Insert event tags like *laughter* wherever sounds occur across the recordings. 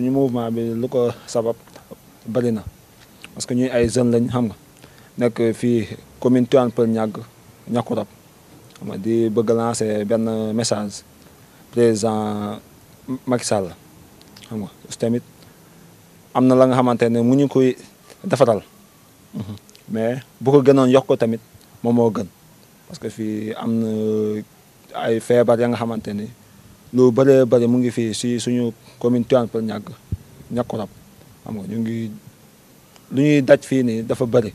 suñu mouvement bi lu ko sabab bari na parce que ñuy ay jeunes lañ xam nga nekk fii commune Tivaouane Peulh ñàgg ñàkku xam nga di bëgg lancer benn message président Macky Sall xam nga tamit am na la nga xamante ne mu ñu koy defaral mhm. mais bu ko gënoon yokk tamit moom moo gën parce que fii am na ay feebar ya nga xamante ni lu bëree bëri mu ngi fii si suñu commune Tivaouane Peulh ñàgg ñàkku rab xam nga ñu ngi lu ñuy daj fii nii dafa bëri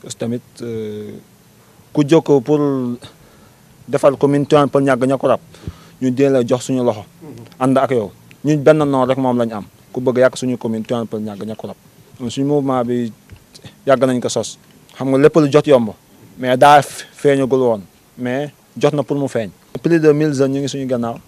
parce que tamit euh, ku jóg pour defal commune Tivaouane Peulh ñàgg ñàkku rab ñu dee la jox suñu loxo mhm. ànd ak yow ñu benn noon rek moom lañ am ku bëgg yàq suñu commune Tivaouane Peulh ñàgg ñàkku rab suñu mouvement bi yàgg nañ ko sos xam nga lépp lu jot yomb mais daa feeñagul woon mais jot na pour mu feeñ plus de mille jeunes ñu ngi suñu gannaaw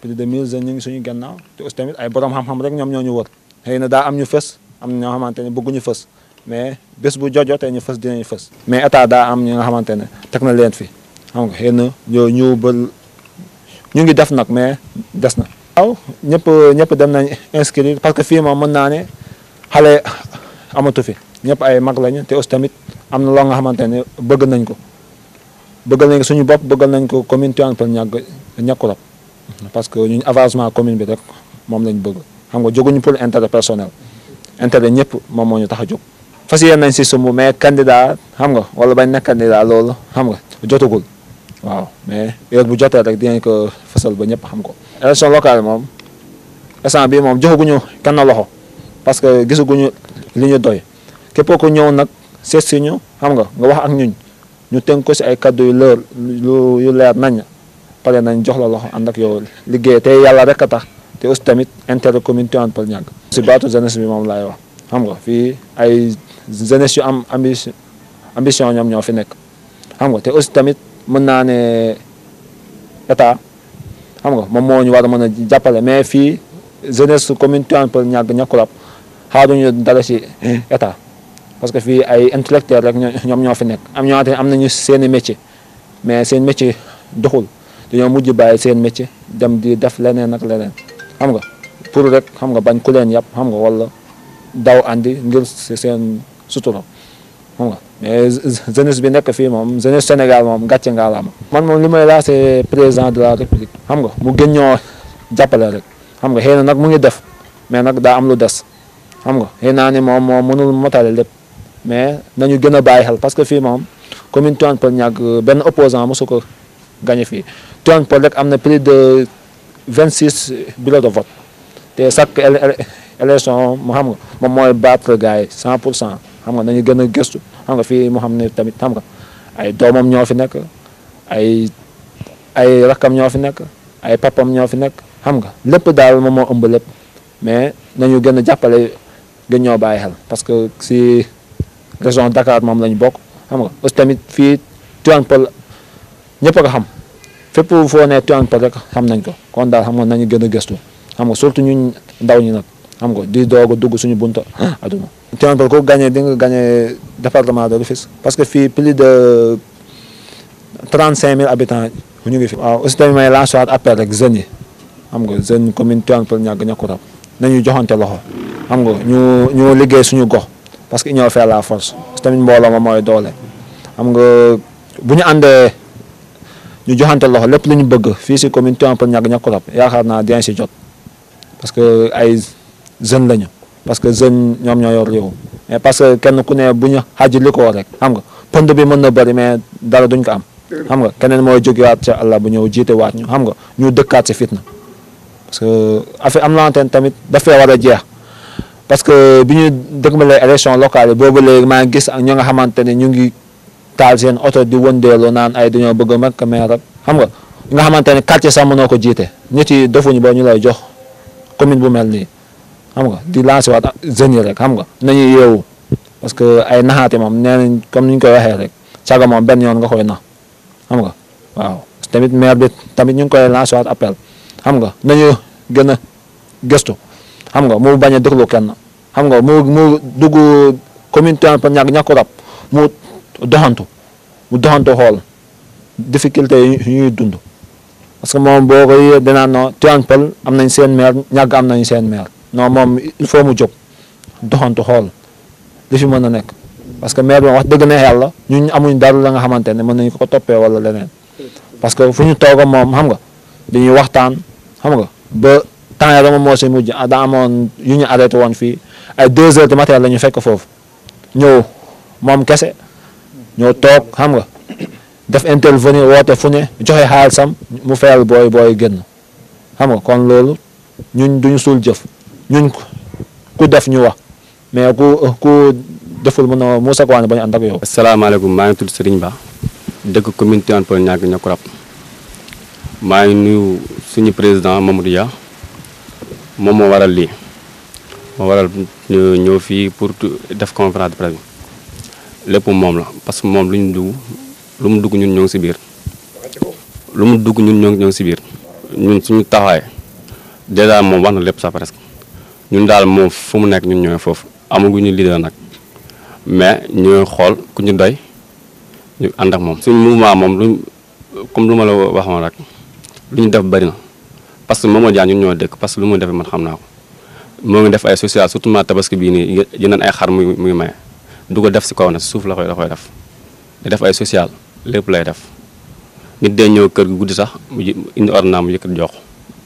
plus de 1000 jeunes ñu ngi suñu gannaaw te aussi tamit ay borom xam-xam rek ñoom ñoo ñu wër xëy na daa am ñu fës am na ñoo xamante ne bëgguñu fës mais bés bu jotee ñu fës dinañu fës. mais état daa am ñi nga xamante ne teg na leen fi xam nga xëy na ñoo ñu ba ñu ngi def nag mais des na. waaw ñëpp ñëpp dem nañ inscrire parce que fii moom mën naa ne xale amatu fi ñëpp ay mag lañu te aussi tamit am na loo nga xamante ne bëgg nañ ko bëgg nañ ko suñu bopp bëgg nañ ko commune Tivaouane Peulh Niaga Niakoulrab parce que ñun avancement commune bi rek moom lañ bëgg xam nga jóguñu pour intérêt personnel intérêt ñëpp moom moo ñu tax a jóg. fas yéene nañ si sumb mais candidat xam nga wala bañ nekk candidat loolu xam nga jotagul waaw mais heure bu jotee rek dinañ ko fësal ba ñëpp xam ko. élection locale moom instant bi moom joxaguñu kenn loxo parce que gisaguñu li ñu doy képp ku ñëw nag seet si ñu xam nga nga wax ak ñu ñu tënk ko si ay kaddu yu leer yu leer nañ. pare nañ jox la loxo ànd ak yow liggéey tey yàlla rek a tax te aussi tamit intérêt commune Tivaouane Peulh Niaga si baatu jeunesse bi moom laay wax xam nga fii ay jeunesse yu am ambition ambition ñoom ñoo fi nekk xam nga te aussi tamit mën naa ne état xam nga moom moo ñu war a mën a jàppale mais fii jeunesse commune Tivaouane Peulh Niaga Niakoulrab xaaruñu dara si état parce que fii ay intellectuels rek ñoom ñoo fi nekk am ñoo am nañu seen i métier mais seen métier doxul dañoo mujj bàyyi seen métier dem di def leneen ak leneen xam nga pour rek xam nga bañ ku leen yàpp xam nga walla daw andi ngir seen sutura xam nga mais jeunesse bi nekk fii moom jeunesse Sénégal moom gàcce ngaa la man moom li may laasé président de la république xam nga mu gën ñoo jàppale rek xam nga xëy na nag mu ngi def mais nag daa am lu des xam nga xëy naa ni moom moom mënul motale lépp mais nañu gën a bàyyi xel parce que fii moom commune Tivaouane Peulh ñàkk benn opposant mosu ko gañe fii Tivaouane Peulh rek am na plus de vingt six bureaux de vote te chaque élection mu xam nga moom mooy battre gars yi cent pour cent xam nga nañu gën a gëstu xam nga fii mu xam ne tamit xam nga ay doomam ñoo fi nekk ay ay rakkam ñoo fi nekk ay papam ñoo fi nekk xam nga lépp daal moom moo ëmb lépp mais nañu gën a jàppale gën ñoo bàyyi xel parce que si région Dakar moom lañu bokk xam nga aussi tamit fii Tivaouane Peulh ñëpp a ko xam fépp foo ne Tivaouane Peulh xam nañ ko kon daal xam nga nañu gën a gëstu xam nga surtout ñun ndaw ñi nag xam nga di doog a suñu bunta *gasps* aduna Tivaouane Peulh ko gagné di nga gagné département de parce que fii plus de trente cinq mille habitants ñu ngi fi. waaw aussi tamit may rek jeunes yi xam nga jeune commune Tivaouane Peulh ñàkk ñàkku rab nañu joxante loxo xam nga ñu ñu liggéey suñu gox parce que ñoo fait la force aussi tamit mbooloo ma mooy doole xam nga bu ñu ñu joxante loxo lépp lu ñu bëgg fii si commune Tivaouane ñàkk ñàkk ko rab naa dinañ jot parce que ay jeunes lañu parce que jeune ñoom ñooy yor réew mais parce que kenn ku ne bu ñu xaaj li ko rek xam nga pënd bi mën na bëri mais dara duñ ko am. xam nga keneen mooy jógewaat ca Allah bu ñëw jiite waat ñu xam nga ñu dëkkaat si fitna parce que affaire am lanteen tamit dafee war a jeex parce que bi ñu dëgmalee élection locale yi boobu léegi maa ngi gis ak ñoo nga xamante ne ñu ngi. taal seen oto di wëndeelu naan ay dañoo bëgg a mag maire ak xam nga nga xamante ne quartier sax ko jiite nit yi defuñu ba ñu lay jo commune bu mel nii xam nga di lancer waat jeunes yi rek xam nga nañuy yeewu parce que ay naxaate moom nee nañ comme ni ñu koy waxee rek saga moom benn yoon nga koy nax xam nga waaw tamit maire bi tamit ñu ngi koy lancer waat appel xam nga nañu gën a gëstu xam nga mu bañ a déglu kenn xam nga mu mu dugg commune Tivaouane Peulh ñàkk ñàkku rab doxantu mu doxantu xool difficulté yi ñuy dund parce que moom boo ko yee dinaan non Tivaouane Peulh am nañ seen maire ñàgg am nañ seen maire non moom il faut mu jóg doxantu xool li fi mën a nekk parce que maire bi wax dëgg na yàlla ñun amuñ dara la nga xamante ne mën nañ ko toppee wala leneen parce que fu ñu toog moom xam nga dañuy waxtaan xam nga ba temps yii dama moo si mujj ah, daa amoon yu ñu arrêté woon fii ay deux heures de matin la ñu fekk foofu ñëw moom kese. ñoo toog xam nga def intervenir woote fu ne joxe xaalisam mu fayal booy booy génn xam nga kon loolu ñun duñu suul jëf ñun ku def ñu wax mais ku ku deful mën a Moussa Kouane bañ ànd ak yow. asalaamaaleykum maa ngi tudd Serigne Ba dëkk commune Tivaouane Peulh Niaga Niakoulrab maa ngi nuyu suñu président Mamadou Dia moom moo waral lii moo waral ñëw fii pour def conférence de presse lepp mom la parce que mom luñ ñu dugg lu mu dugg ñun ñong ci biir lu mu dugg ñun ñong ñong ci biir ñun suñu taxay déjà moom wax na lepp sa presque ñun dal moom fu mu nek ñun ñoy fofu foofu amaguñu leader nak mais ñooy xol ku ñu doy ñu and ak mom suñu mouvement mom luñ comme luma ma la waxoon rek lu def bari na parce que Momo Dia ñun ñoo dekk parce que lu mu def man xamna ko mo ngi def ay social surtout ma tabaski bi ni jëndoon ay xar muy muy maye du ko def si kaw na suuf la koy la koy def di def ay social lépp lay def nit day ñëw kër gi guddi sax mu indi ordonnance mu yëkkat jox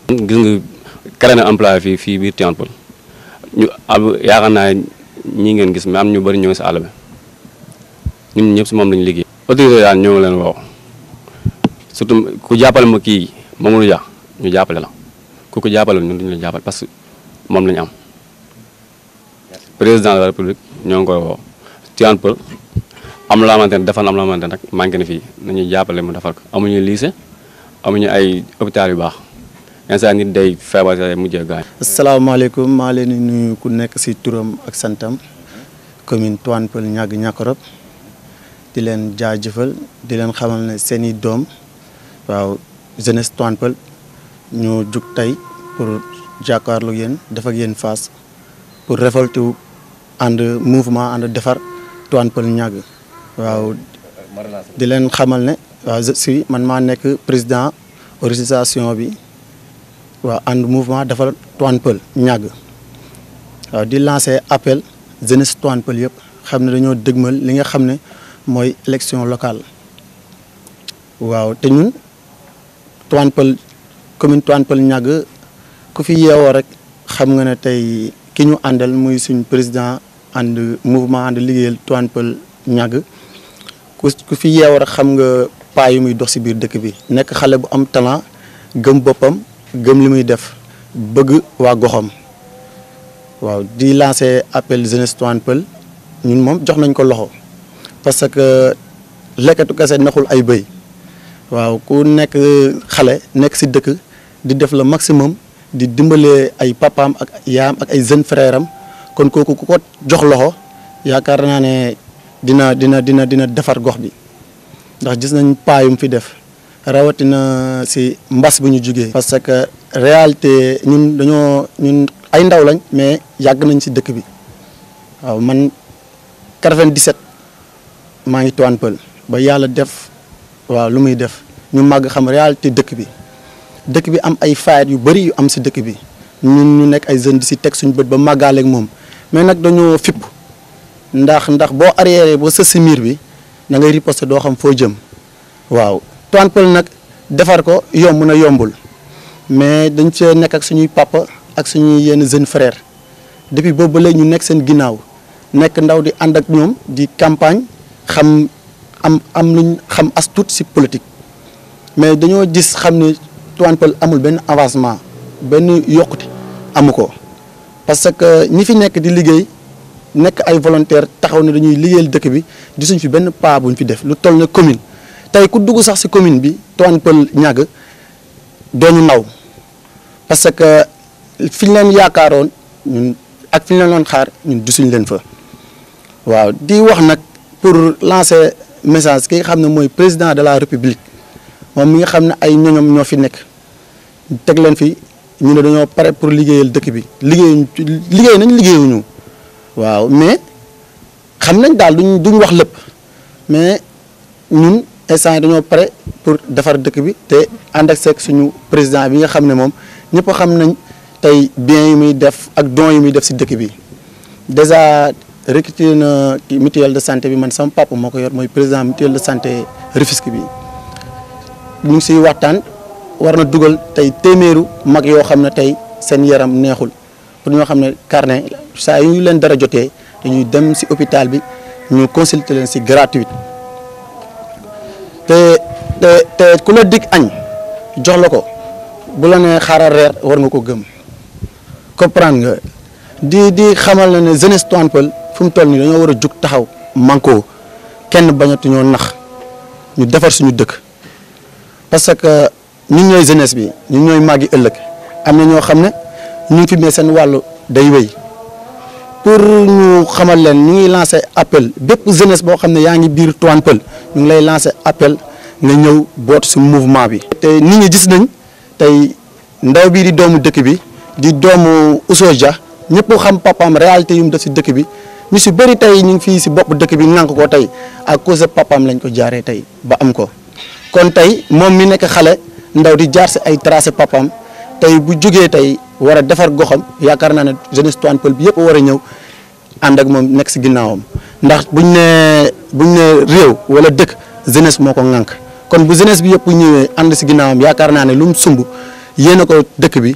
gis nga créé na emploi fii fii biir Tivaouane Peulh ñu ab yaakaar naa ñi ngeen gis mais am ñu bëri ñoo ngi si àll bi ñun ñëpp moom lañu liggéey autorité daal ñoo leen woo surtout ku jàppale ma kii Mamadou Dia ñu jàppale la ku ko jàppale ñun duñu la jàppale parce que moom lañu am président de la république ñoo ngi koy woo Tivaouane Peulh am la xamante ne defal am la xamante rek manqué na fii nañu jàppale mu defar ko amuñu lycée amuñu ay hôpital yu baax instant nit day feebar mu mujjee gaañ. asalaamaaleykum maa leen di ku nekk si turam ak santam commune Tivaouane Peulh Niaga Niakoulrab di leen jaajëfal di leen xamal ne seeni doom waaw jeunesse Tivaouane Peulh ñu jug tey pour jàkkaarloo yéen def ak yéen face pour révolter wu ànd mouvement defar. Tivaouane Peulh Niaga waaw di leen xamal ne waaw je man maa nekk président organisation bi waaw ànd mouvement dafa Tivaouane Peulh Niaga waaw di lancer appel jeunesse Tivaouane Peulh yëpp xam ne dañoo dëgmal li nga xam ne mooy élection locale waaw te ñun Tivaouane Peulh commune Tivaouane Peulh Niaga ku fi yeewoo rek xam nga ne tey ki ñu àndal muy suñ président ànd mouvement ànd liggéeyal Tivaouane Peulh ku ku fi yeew a xam nga paa yu muy dox si biir dëkk bi nekk xale bu am talent gëm boppam gëm li muy def bëgg waa goxam waaw di lancer appel jeunesse Tivaouane Peulh ñun moom jox nañ ko loxo parce que lekkatu kese naxul ay bëy waaw ku nekk xale nekk si dëkk di def le maximum di dimbalee ay papaam ak yaam ak ay jeunes frères kon koku ku jox loxo yaakar na ne dina dina dina dina defar gox bi ndax gis nañ paayum fi def rawati si ci mbass buñu jugee. parce que réalité ñun dañu ñun ay ndaw lañ mais yag nañ si dëkk bi waaw man 97 ma ngi toan peul ba yalla def waaw lu muy def ñu mag xam réalité dëkk bi dëkk bi am ay faayet yu bari yu am si dëkk bi ñun ñu nek ay jeunes ci si suñu bëtt ba ak mom. mais nag dañoo fipp ndax ndax boo arrière ba sës si miir bi da ngay riposter doo xam foo jëm waaw Tivaouane Peulh nag defar ko yomb na yombul mais dañ cee nekk ak suñuy papa ak suñuy yenn jeune frère depuis boobu ba ñu nekk seen ginnaaw nekk ndaw di ànd ak ñoom di campagne xam am am luñ xam as tuut si politique mais dañoo gis xam ne Tivaouane Peulh amul benn avancement benn yokkute amu ko. parce que ñi fi nekk di liggéey nekk ay volontaire taxaw na dañuy liggéeyal dëkk bi gisuñ fi benn bu ñu fi def lu toll na commune tey ku dugg sax ci commune bi Tivaouane Peulh Niaga dooñu naw parce que fi ñu leen yaakaaroon ñun ak fi ñu leen xaar ñun gisuñ leen fa waaw di wax nag pour lancer message ki xam ne mooy président de la république moom mi nga xam ne ay ñoñom ñoo fi nekk teg leen fi ñu ne dañoo pare pour liggéeyal dëkk bi liggéeyuñ liggéey nañ liggéeyuñu waaw mais xam nañ daal duñ duñ wax lépp mais ñun instant dañoo pare pour defar dëkk bi te ànd ak seeg suñu président bi nga xam ne moom ñëpp xam nañ tey biens yi muy def ak dons yu muy def si dëkk bi déjà recruté na mutuelle de santé bi man sama papa moo ko yor mooy président mutuelle de santé Rufisque bi ñu ngi siy war na dugal tey téeméeru mag yoo xam ne tey seen yaram neexul pour ñoo xam ne carnet saa yu leen dara jotee ñuy dem si hôpital bi ñu consulter leen si gratuite te te te ku la dig añ jox ko bu la nee xaaral reer war nga ko gëm comprendre nga di di xamal na ne jeunesse Tivaouane Peulh fu mu toll nii dañoo war a jug taxaw manko kenn bañatuñoo nax ñu defar suñu dëkk parce que ñun ñooy jeunesse bi ñun ñooy màggi ëllëg am na ñoo xam ne ñu ngi fi mais seen wàllu day wéy pour ñu xamal leen ñu ngi lancé appel bépp jeunesse boo xam ne yaa ngi biir Tivaouane Peulh ñu ngi lay lancé appel nga ñëw boot si mouvement bi. te nit ñi gis nañ tey ndaw bii di doomu dëkk bi di doomu Ousso Dia xam papaam réalité yu mu def si dëkk bi ñu si bëri tey ñu ngi fii si bopp dëkk bi nànk ko tey a cause de papaam lañ ko jaaree tey ba am ko kon tey moom mi nekk xale. ndaw di jaar si ay tracé papam tey bu jógee tey war a defar goxam yaakaar naa ne jeunesse Tivaouane Peulh bi yëpp war a ñëw ànd ak moom nekk si ginnaawam ndax buñ ne buñ ne réew wala dëkk jeunesse moo ko ŋànk kon bu jeunesse bi yëpp ñëwee ànd si ginnaawam yaakaar naa ne lu mu sumb yéene ko dëkk bi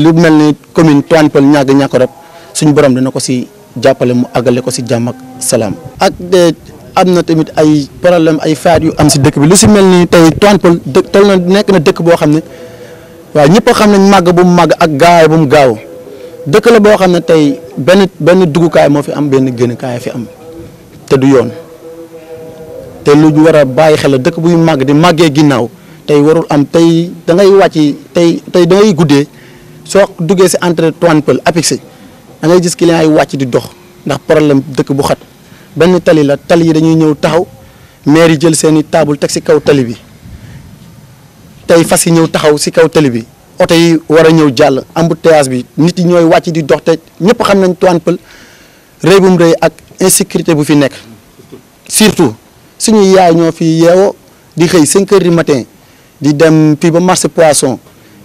lu mel ni commune Tivaouane Peulh ñàgg ñàkk rek suñ borom dina ko si jàppale mu àggale ko si jàmm ak salaam eh, am na tamit ay problème ay faat yu am si dëkk bi lu si mel nii tey Tivaouane Peulh toll na nekk na dëkk boo xam ne waaw ñëpp a xam nañ màgg bu mu màgg ak gaawaay bu mu gaaw dëkk la boo xam ne tey benn benn duggukaay moo fi am benn génnkaay fi am te du yoon te lu war bàyyi xel la dëkk buy màgg di màggee ginnaaw tey warul am tey da ngay wàcc tey tey da guddee soo duggee si entre Tivaouane Peulh Apix da ngay gis client ay wàcc di dox ndax problème dëkk bu xat. benn tali la tali yi dañuy ñew taxaw maire yi jël seeni table kaw tali bi tay fas yi ñew taxaw ci kaw tali bi auto yi war a ambut jàll embouteillage bi nit yi ñoy wacc di dox te ñepp xam nañ Tivaouane Peulh reey bum ak insécurité bu fi nek surtout suñu yaay ño fi yeewoo di xey 5 h du matin di dem fi ba marché poisson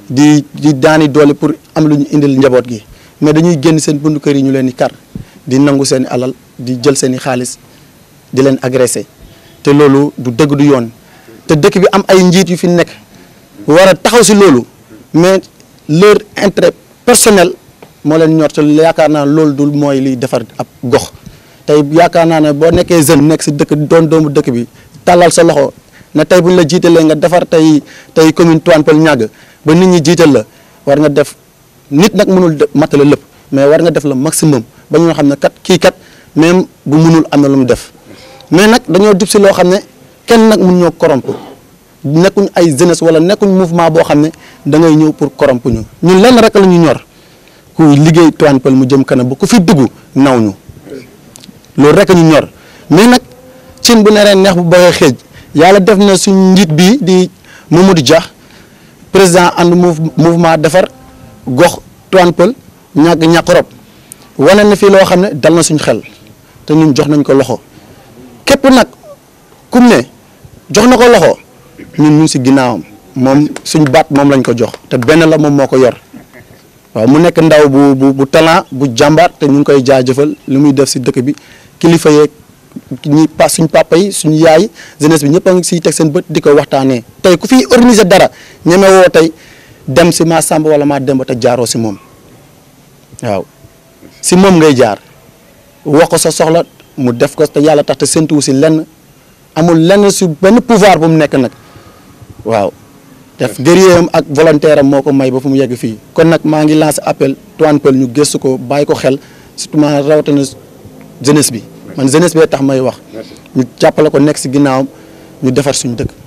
di di dani doli pour am luñu indil njabot gi mais dañuy genn seen bundu kër yi ñu leen di kar di nangu seen alal di jël seni xaalis di leen agresser té lolu du dëgg du yoon té dëkk bi am ay njiit yu fi nek wara taxaw si lolu mais leur intérêt personnel mo leen ñor té yaakaar naa loolu defar ab gox tay yaakaar na bo nekké jeune nek don dëkk doon doomu dëkk bi talal sa loxo na tay buñ la jiitalee nga defar tay tay commune Tivaouane Peulh Niaga ba nit ñi la war nga def nit nak mënul matale lepp mais war nga def la maximum bañu ñu kat ki kat même bu munul amee na lu mu def mais nag dañoo jub si loo xam ne kenn nag mun ñoo corrompre nekkuñ ay jeunesse wala nekkuñ mouvement boo xam ne da ngay ñëw pour corrompre ñu ñun lenn rek la ñu ñor ku liggéey Tivaouane Peulh mu jëm kanam ba ku fi dugg naw ñu loolu rek ñu ñor mais nag cin bu neree neex bu bëggee xeej yàlla def na suñ njiit bi di mu Mamadou Dia président ànd mouvement defar gox Tivaouane Peulh ñàkk ñàkk rob wane na fi loo xam ne dal na suñ xel te ñun jox nañ ko loxo képp nag kum ne jox na ko loxo ñun ñu si ginnaawam moom suñ baat moom lañ ko jox te benn la moom moo ko yor waaw mu nekk ndaw bu bu bu bu jàmbaar te ñu ngi koy jaajëfal lu muy def si dëkk bi kilifa yeeg ñi pa suñ papa yi suñu yaay jeunesse bi ñëpp a ngi siy teg seen bët di ko waxtaanee tey ku fi organiser dara ñeme tey dem si maa sàmb wala maa demba te jaaroo si moom waaw si moom ngay jaar. wax ko sa soxla mu def ko te yàlla tax te séntuwu si lenn amul lenn su benn pouvoir bu mu nekk nag waaw def guerrier ak volontaire am moo ko may ba fu mu yegg fii kon nag maa ngi lancé appel Tivaouane ñu gëstu ko bàyyi ko xel surtout ma rawatina jeunesse bi man jeunesse bee tax may wax ñu jàppale ko nekk si ginnaaw ñu defar suñu dëkk